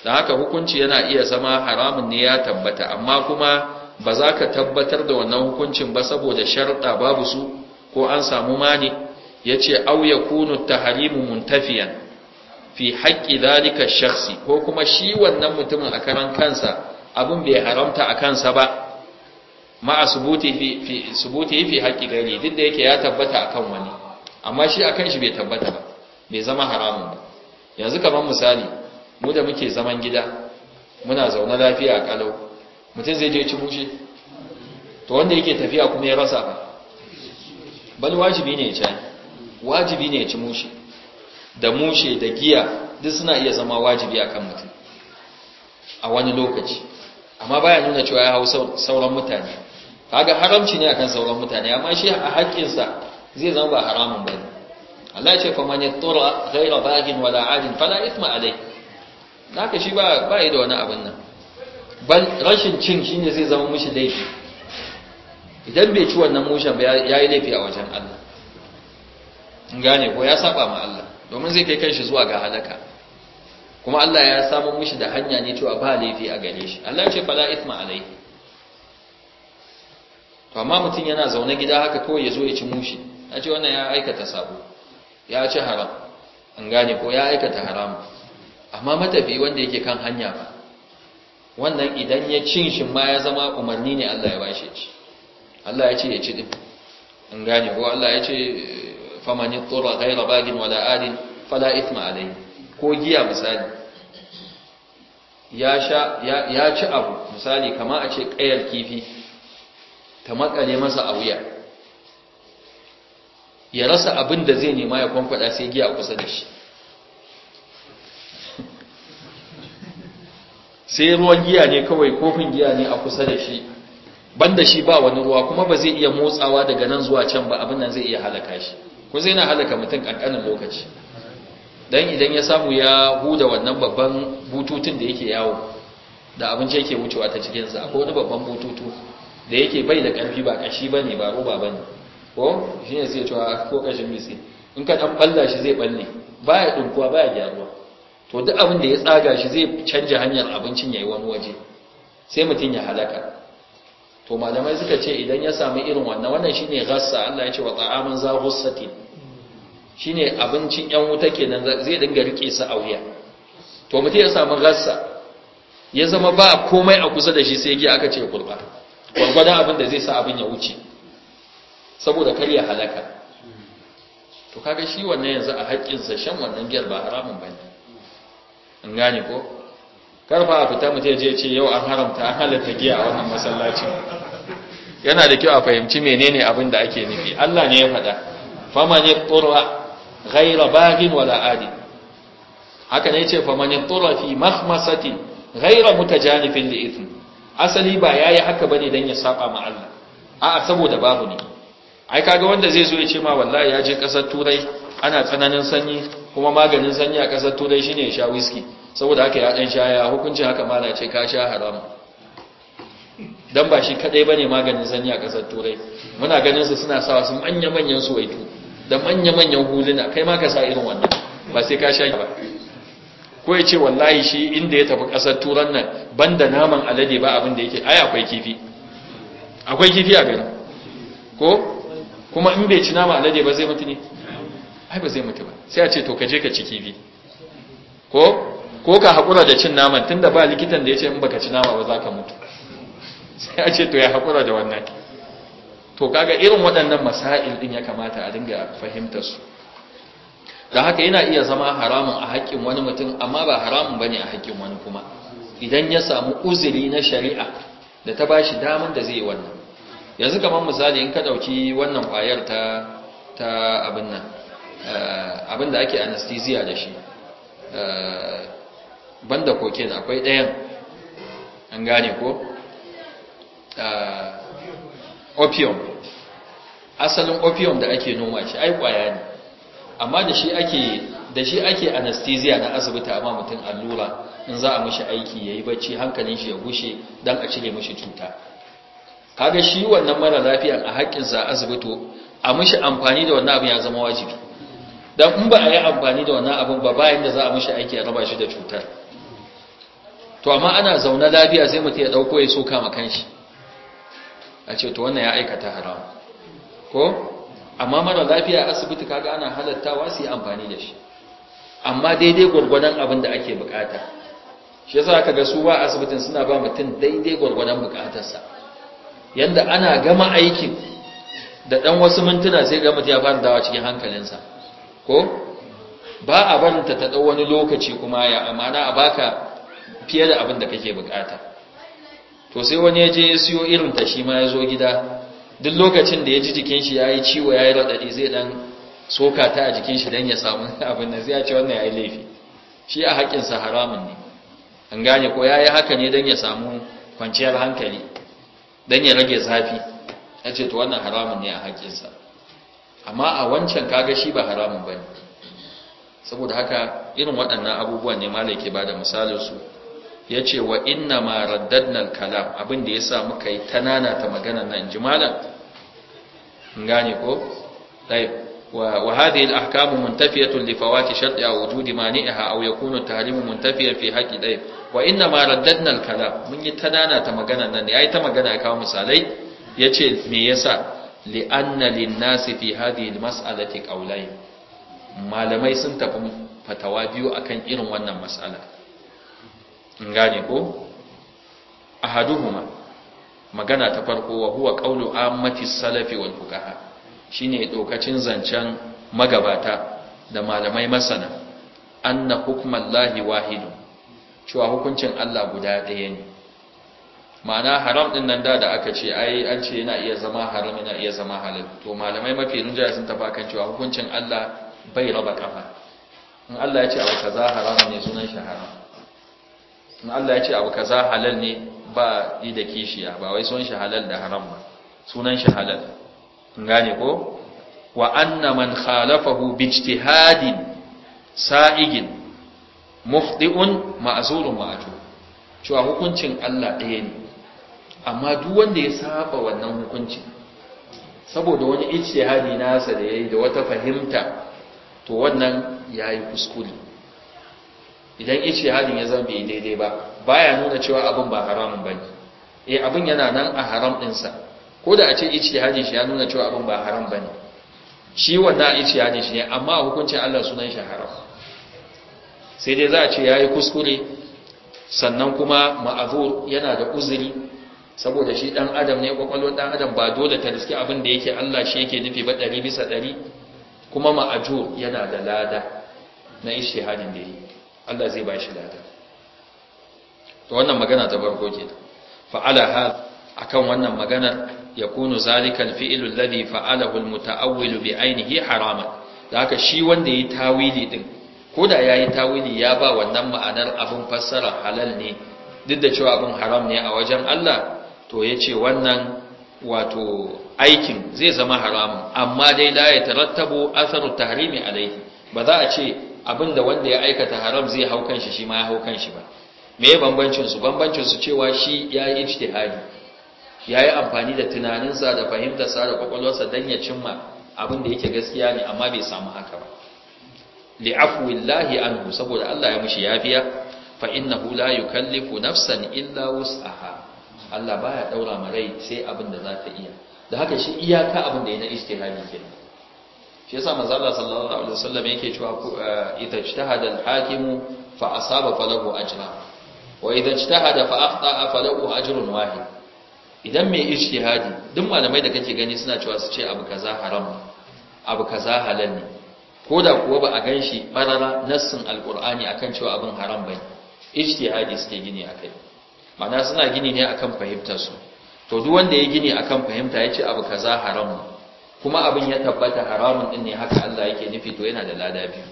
da haka hukunci yana iya zama haramun ne ya tabbata amma kuma ba za ka tabbatar da wannan hukuncin ba saboda sharɗa babu su ko an samu mani ya ce au ya kunu mun muntafiyan fi haƙƙi dalika shaksi ko kuma shi wannan mutumin a karan kansa abin bai haramta a kansa ba Ma a subuti fi haƙƙi gari duk da yake ya tabbata a kan wani amma shi kan shi bai tabbata ba bai zama haramun ba yanzu kamar misali mu da muke zaman gida muna zaune lafiya a kalau mutum zai je ci bushe to wanda yake tafiya kuma ya rasa ba bal wajibi ne ya ci wajibi ne ya ci mushe da mushe da giya duk suna iya zama wajibi akan mutum a wani lokaci amma baya nuna cewa ya hau sauran mutane kaga haramci ne akan sauran mutane amma shi a haƙƙinsa zai zama ba haramun ne. Allah ya ce fa ne tura ghayra baghin wala adin fala ithma alayhi haka shi ba yi da wani abin nan rashin cin shi ne zai zama mushi laifi idan bai ci wannan mushin ba ya yi laifi a wajen Allah gane ko ya saba ma Allah domin zai kai kanshi zuwa ga halaka kuma Allah ya samu mushi da hanya ne cewa ba laifi a gare shi Allah ya ce fala ithma alai to amma mutum yana zaune gida haka kawai ya zo ya ci mushi ya ce wannan ya aikata sabo ya ci haram an gane ko ya aikata haramu amma matafi wanda yake kan hanya ba wannan idan ya cin shi ma ya zama umarni ne Allah ya bashi ci Allah ya ce ya ci din an gane ko Allah ya ce faman yatura ghayra bagin wala adin fala ithma alayhi ko giya misali ya sha ya ci abu misali kama a ce kayar kifi ta makale masa a wuya ya rasa abin da zai nema ya kwankwada sai giya kusa da shi sai ruwan giya ne kawai kofin giya ne a kusa da shi banda shi ba wani ruwa kuma ba zai iya motsawa daga nan zuwa can ba abin nan zai iya halaka shi ko zai na halaka mutum kankanin lokaci dan idan ya samu ya huda wannan babban bututun da yake yawo da abinci yake wucewa ta cikin sa akwai wani babban bututu da yake bai da karfi ba kashi bane ba roba bane ko shine sai ya ce ah, ko kashin mitsi in ka dan balla shi zai balle baya dinkuwa baya gyaruwa to duk abin da ya tsaga shi zai canja hanyar abincin ya yi wani waje sai mutum ya halaka to malamai suka ce idan ya sami irin wannan wannan shine ghassa Allah ya ce wa ta'aman za Shi ne abincin yan wuta kenan zai dinga rike su a wuya to mutum ya sami ghassa ya zama ba komai a kusa da shi sai ya aka ce kurba gwargwadon abin da zai sa abin ya wuce saboda kar ya halaka to kaga shi wannan yanzu a haƙƙinsa shan wannan giyar ba haramun ba ne. in gane ko karfa a fita mutum je ce yau an haramta an halatta giya a wannan masallacin yana da kyau a fahimci menene abin da ake nufi Allah ne ya faɗa faman yaqra ghayra baghin wala adi haka ne yace faman yaqra fi mahmasati ghayra mutajanifin li ithm asali ba yayi haka bane dan ya saba ma Allah a'a saboda babu ne ai kaga wanda zai zo ya ce ma wallahi ya je kasar turai ana tsananin sanyi kuma maganin sanyi a ƙasar turai shine ya sha whisky saboda haka ya ɗan shaya hukuncin haka mana ce ka sha haramu don ba shi kaɗai ba ne maganin sanyi a ƙasar turai muna ganin su suna sawa su manya-manyan suwaitu da manya-manyan huluna kai ma ka sa irin wannan ba sai ka sha ba ko ya ce wallahi shi inda ya tafi ƙasar turan nan banda naman alade ba abin da yake ai akwai kifi akwai kifi a garin ko kuma in bai ci nama alade ba zai mutu ne ai ba zai mutu ba sai a ce to ka je ka ci kifi ko ko ka haƙura da cin naman tunda ba likitan da ya ce in baka ci nama ba za ka mutu sai a ce to ya haƙura da wannan to kaga irin waɗannan masail din ya kamata a dinga fahimtar su da haka yana iya zama haramun a haƙƙin wani mutum amma ba haramun bane a haƙƙin wani kuma idan ya samu uzuri na shari'a da ta bashi daman da zai yi wannan yanzu kamar misali in ka ɗauki wannan ƙwayar ta ta abin nan Eh, abinda ake anesthesia da shi eh, banda kokin akwai ɗayan an gane ko eh, opium asalin opium da ake noma shi ai kwaya ne amma da shi ake da shi ake anesthesia na asibiti amma mutum allura in za a mishi aiki yayi bacci hankalin shi ya gushe dan a cire mishi cuta kaga shi wannan mara lafiyan a haƙƙinsa a asibito a mishi amfani da wannan abin ya zama wajibi dan in ba a yi amfani da wannan abin ba bayan da za a mishi aiki a raba shi da cutar to amma ana zaune lafiya sai mutum ya dauko ya soka ma kanshi a ce to wannan ya aikata haram ko amma mara lafiya a asibiti kaga ana halattawa su yi amfani da shi amma daidai gwargwadon abin da ake bukata shi yasa aka ga su ba asibitin suna ba mutum daidai gwargwadon bukatarsa yanda ana gama aikin da dan wasu mintuna sai ga mutum ya fara dawa cikin hankalinsa ko ba a barinta ta ɗau wani lokaci kuma ya amana a baka fiye da abin da kake bukata to sai wani ya je ya siyo irin ta shi ma ya zo gida duk lokacin da ya ji jikin shi ya yi ciwo ya yi raɗaɗi zai ɗan soka ta a jikin shi don ya samu abin da zai ce wannan ya yi laifi shi a haƙƙinsa haramun ne an gane ko ya yi haka ne don ya samu kwanciyar hankali don ya rage zafi ya ce to wannan haramun ne a haƙƙinsa amma a wancan kaga shi ba haramun ba ne. saboda haka irin waɗannan abubuwan ne malai ke bada misalin su ce wa inna ma raddadna kalam abin da ya sa muka yi tanana ta magana nan ji malam gane ko dai wa hadhihi al-ahkam muntafiyatun li fawati shart ya wujudi mani'iha aw yakunu tahrimu muntafiyan fi haqqi dai wa inna ma raddadna kalam mun yi tanana ta magana nan ne ai ta magana ya kawo misalai yace me yasa li'anna linnasi fi hadhihi almas'alati qawlayn malamai sun tafi fatawa biyu akan irin wannan mas'ala in gane ko ahaduhuma magana ta farko wa huwa qawlu ammatis salafi wal fuqaha shine dokacin zancen magabata da malamai masana anna hukmallahi wahidun cewa hukuncin Allah guda ɗaya ne ma'ana haram din nan da da aka ce ai an ce yana iya zama haram yana iya zama halal to malamai mafi rinjaya sun tafi kan cewa hukuncin Allah bai raba kafa in Allah ya ce abu kaza haram ne sunan shi haram in Allah ya ce abu kaza halal ne ba yi da kishiya ba wai sunan shi halal da haram ba sunan shi halal in gane ko wa anna man khalafahu bi ijtihadin sa'igin mufdi'un ma'zurun ma'jur cewa hukuncin Allah ɗaya ne amma duk wanda ya saba wannan hukunci saboda wani hali nasa da yayi da wata fahimta to wannan yayi kuskure idan ijtihadin ya zama bai daidai ba baya nuna cewa abin ba haramun ne. eh abin yana nan a haram din sa ko da a ce ijtihadin shi ya nuna cewa abin ba haram ba ne. shi wannan ijtihadin shi ne amma a hukuncin Allah sunan shi haram sai dai za a ce yayi kuskure sannan kuma ma'azur yana da uzuri saboda shi dan adam ne kwakwalwar dan adam ba dole ta riski abin da yake Allah shi yake nufi ba ɗari bisa ɗari kuma ma'ajur yana da lada na ishtihadin da yi Allah zai ba shi lada to wannan magana ta farko ke fa'ala hal akan wannan maganar yakunu zalika alfi'lu alladhi fa'alahu almutaawwilu bi ainihi harama. da haka shi wanda yi tawili din koda yayi tawili ya ba wannan ma'anar abin fassara halal ne duk da cewa abin haram ne a wajen Allah to ya ce wannan wato aikin zai zama haramun amma dai da ya tarattabo asaru tahrimi alaihi ba za a ce abinda wanda ya aikata haram zai hau kanshi shi ma ya hau kanshi ba me ya bambancin su bambancin su cewa shi ya yi ijtihadi ya yi amfani da tunaninsa da fahimtarsa da kwakwalwarsa don ya cimma abin da yake gaskiya ne amma bai samu haka ba li'afwillahi anhu saboda Allah ya mushi yafiya fa innahu la yukallifu nafsan illa wus'aha Allah baya daura ma rai sai abin da zaka iya da haka shi iyaka abin da yana istihadi kenan shi yasa manzo Allah sallallahu alaihi wasallam yake cewa eh, idza ijtahada al-hakimu fa asaba falahu ajra wa idza ijtahada fa akhta'a falahu ajrun wahid idan mai ijtihadi duk malamai da kake gani suna cewa su ce abu kaza haram abu kaza halal ne ko da kuwa ba a ganshi barara nassin alqur'ani akan cewa abin haram bane ijtihadi suke gini akai ma'ana suna gini ne akan fahimtar su to duk wanda ya gini akan fahimta ya ce abu kaza haram kuma abin ya tabbata haramun din ne haka Allah yake nufi to yana da lada biyu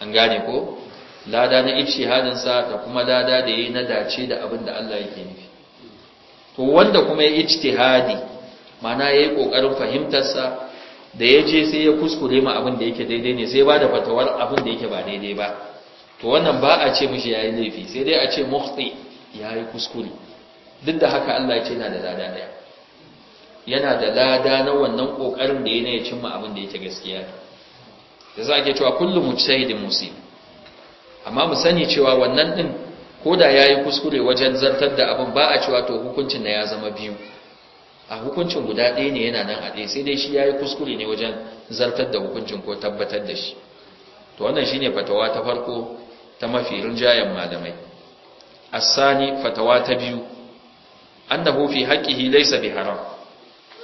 an gane ko lada na ijtihadin sa da kuma lada da yayi na dace da abin da Allah yake nufi to wanda kuma ya ijtihadi ma'ana yayi kokarin fahimtar sa da ya sai ya kuskure ma abin da yake daidai ne sai ba da fatawar abin da yake ba daidai ba to wannan ba a ce mishi yayi laifi sai dai a ce muhti ya yi kuskure duk da haka Allah ya ce yana da lada ɗaya yana da lada na wannan kokarin da yana ya cimma abin da yake gaskiya da za a ke cewa kullum da musi amma mu sani cewa wannan din ya yi kuskure wajen zartar da abin ba a cewa to hukuncin na ya zama biyu a hukuncin guda ɗaya ne yana nan a ɗaya sai dai shi ya yi kuskure ne wajen zartar da hukuncin ko tabbatar da shi to wannan ne fatawa ta farko ta mafi rinjayen malamai asani fatawa ta biyu annahu fi haqqihi laysa bi haram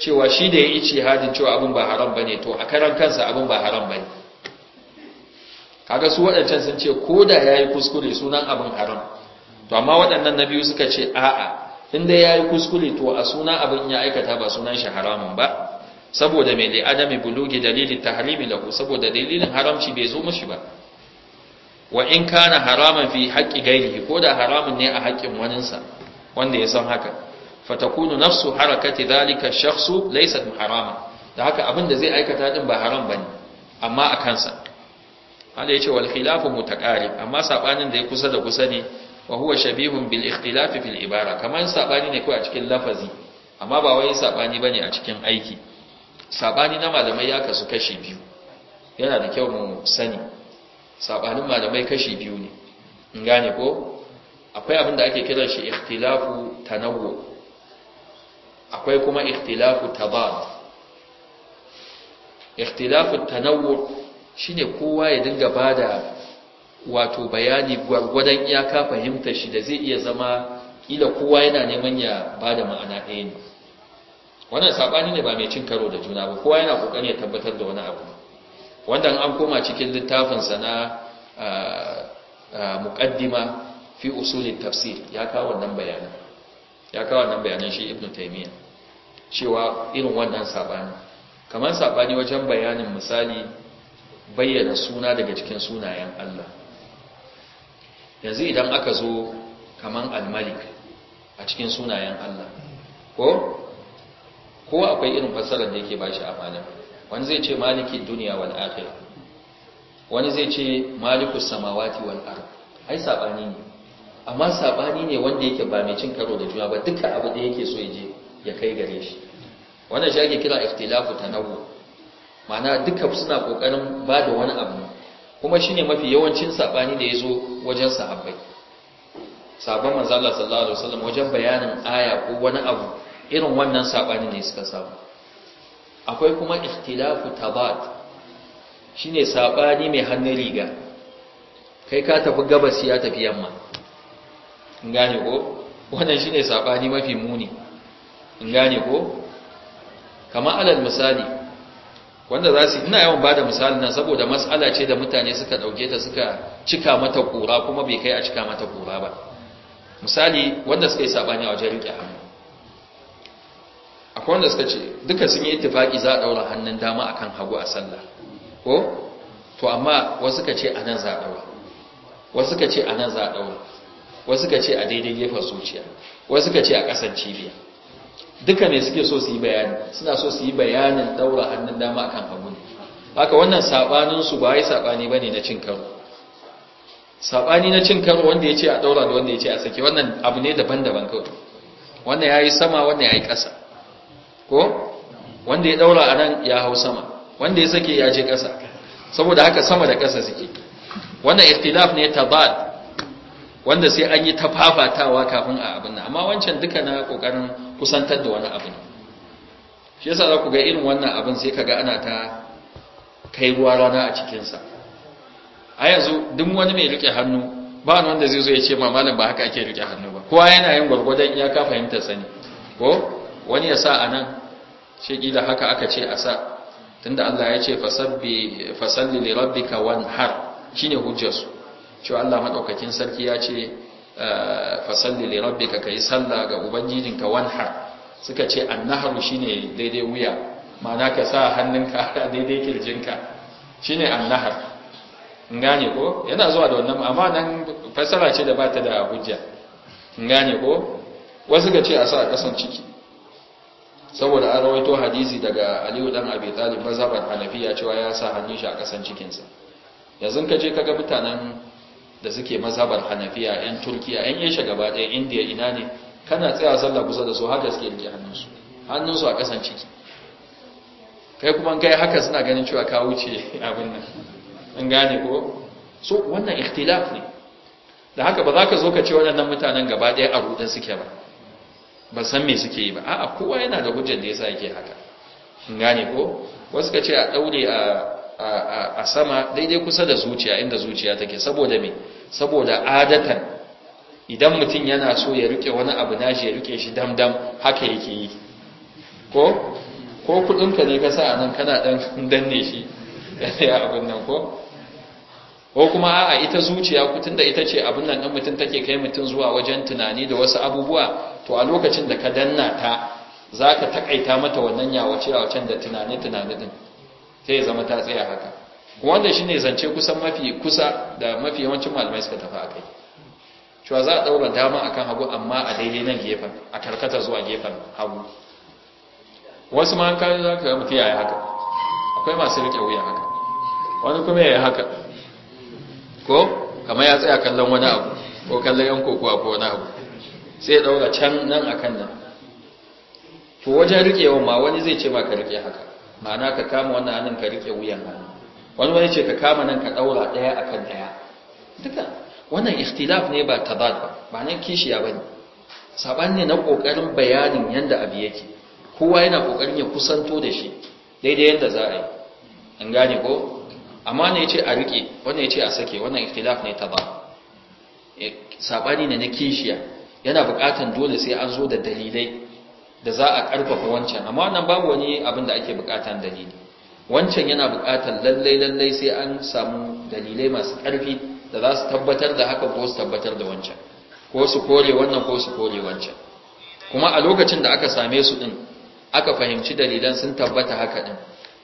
cewa shi da ya ice hadin cewa abin ba haram bane to a karan kansa abin ba haram bane kaga su waɗancan sun ce ko da yayi kuskure sunan abin haram to amma waɗannan na biyu suka ce a'a inda yayi kuskure to a sunan abin ya aikata ba sunan shi haramun ba saboda mai da adami bulugi dalili tahrimi lahu saboda dalilin haramci bai zo mishi ba wa in kana haraman fi haƙƙi gairihi ko da haramun ne a haƙƙin waninsa wanda ya san haka fatakunu nafsu harakati zalika shakhsu laysat harama da haka abin da zai aikata din ba haram bane amma a kansa Allah ya ce wal khilafu mutaqarib amma sabanin da ya kusa da kusa ne wa huwa shabihun bil ikhtilaf fil ibara kaman sabani ne ko a cikin lafazi amma ba wai sabani bane a cikin aiki sabani na malamai ya kasu kashi biyu yana da kyau mu sani sabanin malamai kashi biyu ne in gane ko akwai abin da ake kiran shi ikhtilafu tanawwu akwai kuma ikhtilafu tabad ikhtilafu tanawwu shine kowa ya dinga bada wato bayani gwargwadon iyaka fahimtar shi da zai iya zama ila kowa yana neman ya bada ma'ana ɗaya ne wannan sabani ne ba mai cin karo da juna ba kowa yana kokarin ya tabbatar da wani abu wanda an koma cikin littafinsa na ah, ah, muqaddima fi usulit tafsir ya kawo wannan bayanin, ya kawo wannan bayanin shi ibnu taymiya cewa irin wannan sabani kamar sabani wajen bayanin misali bayyana suna daga cikin sunayen Allah yanzu idan aka zo kamar al-malik a cikin sunayen Allah ko ko akwai irin fassarar da yake bashi amana wani zai ce maliki duniya wal akhirah wani zai ce malikus samawati wal ard ai sabani ne amma sabani ne wanda yake ba mai cin karo da juna ba duka abu da yake so yaje ya kai gare shi wannan shi ake kira ikhtilafu tanawu Mana duka suna kokarin ba da wani abu kuma shine mafi yawancin sabani da yazo wajen sahabbai sabon manzo Allah sallallahu alaihi wasallam wajen bayanin aya ko wani abu irin wannan sabani ne suka samu akwai kuma ikhtilafu tabat shine sabani mai hannun riga kai ka tafi gabas ya tafi yamma in gane ko wannan shine sabani mafi muni in gane ko kamar alal misali wanda za su ina yawan bada misalin nan saboda mas'ala ce da mutane suka dauke ta suka cika mata kura kuma bai kai a cika mata kura ba misali wanda suka yi sabani a wajen riƙe hannu akwai wanda suka ce duka sun yi ittifaki za a daura hannun dama akan hagu a sallah ko to amma wasu ka ce anan za a daura wasu ka ce anan za a daura wasu ka ce a daidai gefen zuciya wasu ka ce a ƙasan cibiya duka ne suke so su yi bayani suna so su yi bayanin daura hannun dama akan hagu ne haka wannan saɓaninsu su ba saɓani ba ne na cin karo saɓani na cin karo wanda ya ce a daura da wanda ya ce a sake wannan abu ne daban-daban kawai wannan yi sama wannan yi ƙasa ko wanda ya daura a nan ya hau sama wanda ya sake ya je ƙasa saboda haka sama da ƙasa suke wannan ikhtilaf ne ta ba wanda sai an yi tafafatawa kafin a abin nan amma wancan duka na kokarin kusantar da wani abin shi yasa za ku ga irin wannan abin sai ka ga ana ta kai ruwa rana a cikinsa a yanzu duk wani mai rike hannu ba wanda zai zo ya ce mamalin ba haka ake rike hannu ba kowa yana yin gwargwadon iyaka fahimtar sani ko wani ya sa a nan shi gida haka aka ce a sa tunda Allah ya ce fasalli li rabbika wanhar shine hujjarsu cewa Allah madaukakin sarki ya ce eh, fasalli li rabbika kai sallah ga ubangijinka wanhar suka ce annaharu shine daidai wuya ma'ana ka sa hannunka a daidai kirjinka shine annahar gane ko yana zuwa da wannan amma nan fasara ce da bata da hujja gane ko wasu ga ce a sa a kasan ciki saboda an rawaito hadisi daga aliyu dan abi talib mazhaban hanafiya cewa ya sa hannun shi a kasan cikinsa yanzu ka je kaga mutanen da suke mazhabar hanafiya yan turkiya yan yasha gaba daya indiya ina ne kana tsaya sallah kusa da su haka suke rike hannunsu su a kasan ciki kai kuma kai haka suna ganin cewa ka wuce abin nan in gane ko so wannan ikhtilaf ne da haka ba za ka zo ka ce waɗannan mutanen gaba ɗaya a ruɗin suke ba ba san me suke yi ba a'a kowa yana da hujjar da ya sa yake haka in gane ko wasu ka ce a daure a sama daidai kusa da zuciya inda zuciya take saboda me saboda adatan idan mutum yana so ya rike wani abu nashi ya rike shi damdam haka yake yi ko ko kudinka ne ka sa a nan kana dan danne shi ya abin nan ko ko kuma a'a ita zuciya kutun da ita ce abin nan ɗan mutum take kai mutum zuwa wajen tunani da wasu abubuwa to a lokacin da ka danna ta za ka taƙaita mata wannan yawace yawacen da tunani-tunani din ta ya zama ta tsaya haka wanda shi ne zance kusan mafi kusa da mafi yawancin malamai suka tafi a kai cewa za a ɗaura dama akan hagu amma a daidai nan gefen a karkata zuwa gefen hagu wasu ma an kayan za ka ga mutu haka akwai masu riƙe wuya haka wani kuma yi haka ko kamar ya tsaya kallon wani abu ko kallon yan koko ko wani abu sai ya daura can nan a kan nan to wajen riƙewa ma wani zai ce ma ka riƙe haka ma'ana ka kama wannan hannun ka riƙe wuyan hannu wani wani ce ka kama nan ka daura ɗaya akan ɗaya duka wannan ikhtilaf ne ba ta ba ba nan kishiya ba ne. saban ne na kokarin bayanin yadda abu yake kowa yana kokarin ya kusanto da shi daidai yadda za a yi an gane ko amma ne yace a rike wannan yace a sake wannan ikhtilaf ne taba e, sabani ne na kishiya yana bukatan dole sai an zo da dalilai da za a karfafa wancan amma wannan babu wani abin da ake bukatan dalili wancan yana bukatan lallai lallai sai an samu dalilai masu karfi da za su tabbatar da haka ko su tabbatar da wancan ko su kore wannan ko su kore wancan kuma a lokacin da aka same su din aka fahimci dalilan sun tabbata haka din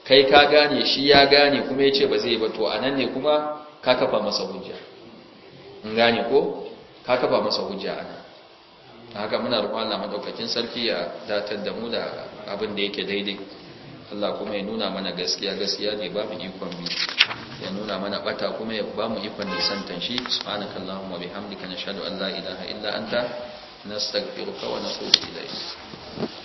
kai ka gane shi ya gane kuma ya ce ba zai ba to a nan ne kuma ka kafa masa hujja in gane ko ka kafa masa hujja a nan haka muna rufa Allah madaukakin sarki ya datar da mu da abin da yake daidai Allah kuma ya nuna mana gaskiya gaskiya ne ba mu ikon bi ya nuna mana bata kuma ya ba mu ikon nisantan shi subhanakallahumma bihamdika nashhadu an la ilaha illa anta nastaghfiruka wa natubu ilayk